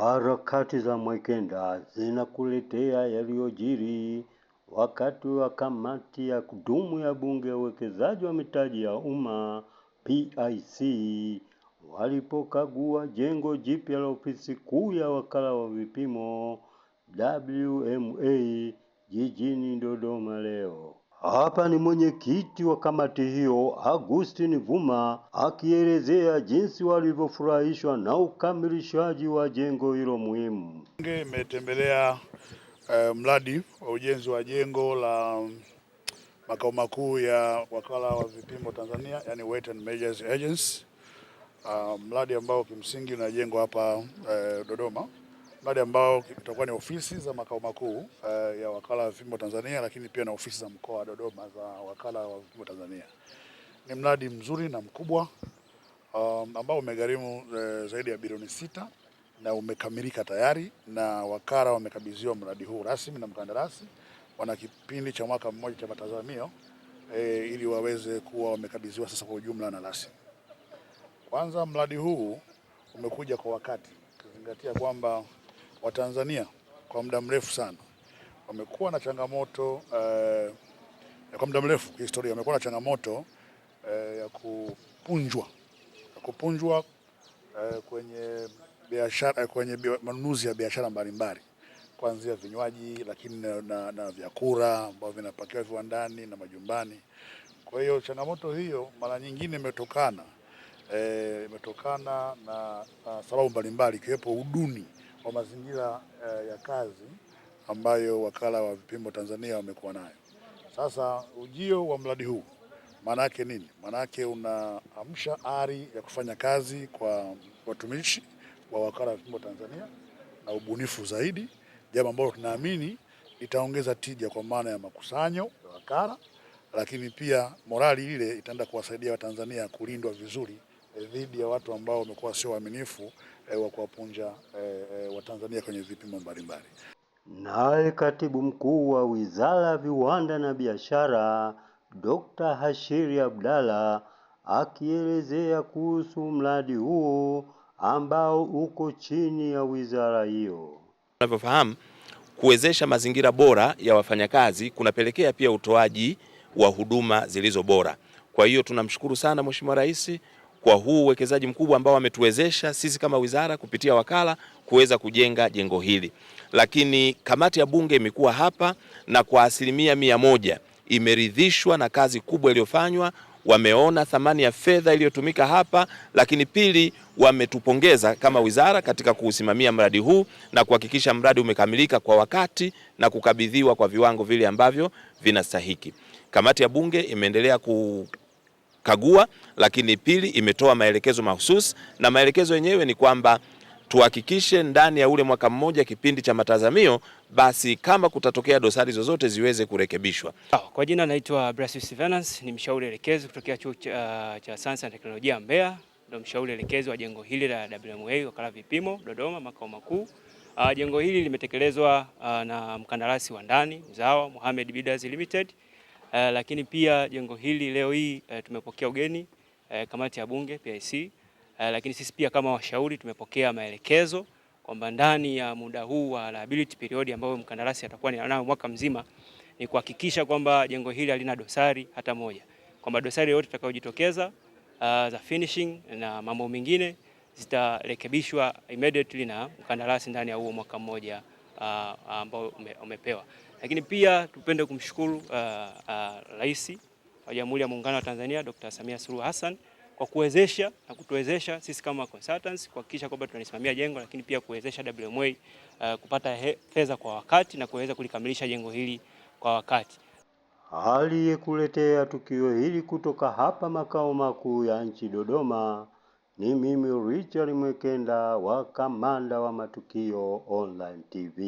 Harakati za Mwekenda zinakuletea yaliyojiri wakati wa kamati ya kudumu ya Bunge ya uwekezaji wa mitaji ya umma PIC walipokagua jengo jipya la ofisi kuu ya wakala wa vipimo WMA jijini Dodoma leo. Hapa ni mwenyekiti wa kamati hiyo Augustine Vuma akielezea jinsi walivyofurahishwa na ukamilishaji wa jengo hilo muhimu. Bunge imetembelea eh, mradi wa ujenzi wa jengo la mm, makao makuu ya wakala wa vipimo Tanzania, yani Weight and Measures Agency, uh, mradi ambao kimsingi unajengwa hapa eh, Dodoma mradi ambao itakuwa ni ofisi za makao makuu uh, ya wakala wa vipimo Tanzania, lakini pia na ofisi za mkoa wa Dodoma za wakala wa vipimo Tanzania. Ni mradi mzuri na mkubwa um, ambao umegharimu uh, zaidi ya bilioni sita na umekamilika tayari na wakala wamekabidhiwa mradi huu rasmi na mkandarasi. Wana kipindi cha mwaka mmoja cha matazamio e, ili waweze kuwa wamekabidhiwa sasa kwa ujumla na rasmi. Kwanza mradi huu umekuja kwa wakati ukizingatia kwamba Watanzania kwa muda mrefu sana wamekuwa na changamoto eh, kwa muda mrefu kihistoria wamekuwa na changamoto eh, ya kupunjwa ya kupunjwa eh, kwenye biashara kwenye manunuzi ya biashara mbalimbali kuanzia vinywaji lakini na, na, na vyakula ambavyo vinapakiwa viwandani na majumbani. Kwa hiyo changamoto hiyo mara nyingine imetokana eh, imetokana e, na, na sababu mbalimbali ikiwepo uduni wa mazingira eh, ya kazi ambayo wakala wa vipimo Tanzania wamekuwa nayo. Sasa ujio wa mradi huu maana yake nini? Maana yake unaamsha ari ya kufanya kazi kwa watumishi wa wakala wa vipimo Tanzania na ubunifu zaidi, jambo ambalo tunaamini itaongeza tija kwa maana ya makusanyo ya wakala, lakini pia morali ile itaenda kuwasaidia Watanzania kulindwa vizuri. Eh, dhidi ya watu ambao wamekuwa sio waaminifu e, wa kuwapunja e, e, Watanzania kwenye vipimo mbalimbali. Naye katibu mkuu wa Wizara ya Viwanda na Biashara Dr. Hashiri Abdalla akielezea kuhusu mradi huo ambao uko chini ya wizara hiyo. unavyofahamu kuwezesha mazingira bora ya wafanyakazi kunapelekea pia utoaji wa huduma zilizo bora. Kwa hiyo tunamshukuru sana Mheshimiwa Rais kwa huu uwekezaji mkubwa ambao wametuwezesha sisi kama wizara kupitia wakala kuweza kujenga jengo hili. Lakini kamati ya bunge imekuwa hapa na kwa asilimia mia moja imeridhishwa na kazi kubwa iliyofanywa. Wameona thamani ya fedha iliyotumika hapa, lakini pili, wametupongeza kama wizara katika kuusimamia mradi huu na kuhakikisha mradi umekamilika kwa wakati na kukabidhiwa kwa viwango vile ambavyo vinastahiki. Kamati ya bunge imeendelea ku kagua, lakini pili imetoa maelekezo mahususi, na maelekezo yenyewe ni kwamba tuhakikishe ndani ya ule mwaka mmoja kipindi cha matazamio, basi kama kutatokea dosari zozote ziweze kurekebishwa. Kwa jina naitwa Brasius Venance, ni mshauri elekezi kutokea chuo cha, cha sayansi na teknolojia Mbeya, ndo mshauri elekezi wa jengo hili la WMA wakala vipimo Dodoma makao makuu. Ah, jengo hili limetekelezwa ah, na mkandarasi wa ndani mzawa Mohamed Bidas Limited. Uh, lakini pia jengo hili leo hii uh, tumepokea ugeni uh, kamati ya bunge PIC uh, lakini sisi pia kama washauri tumepokea maelekezo kwamba ndani ya muda huu wa liability period ambayo mkandarasi atakuwa nayo mwaka mzima ni kuhakikisha kwamba jengo hili halina dosari hata moja, kwamba dosari yoyote itakayojitokeza uh, za finishing na mambo mengine zitarekebishwa immediately na mkandarasi ndani ya huo mwaka mmoja. Uh, uh, ambao umepewa. Lakini pia tupende kumshukuru uh, uh, Rais wa Jamhuri ya Muungano wa Tanzania Dr. Samia Suluhu Hassan kwa kuwezesha na kutuwezesha sisi kama consultants kuhakikisha kwamba tunalisimamia jengo, lakini pia kuwezesha WMA uh, kupata fedha kwa wakati na kuweza kulikamilisha jengo hili kwa wakati. Aliyekuletea tukio hili kutoka hapa makao makuu ya nchi Dodoma ni mimi Richard Mwekenda wa Kamanda wa Matukio Online TV.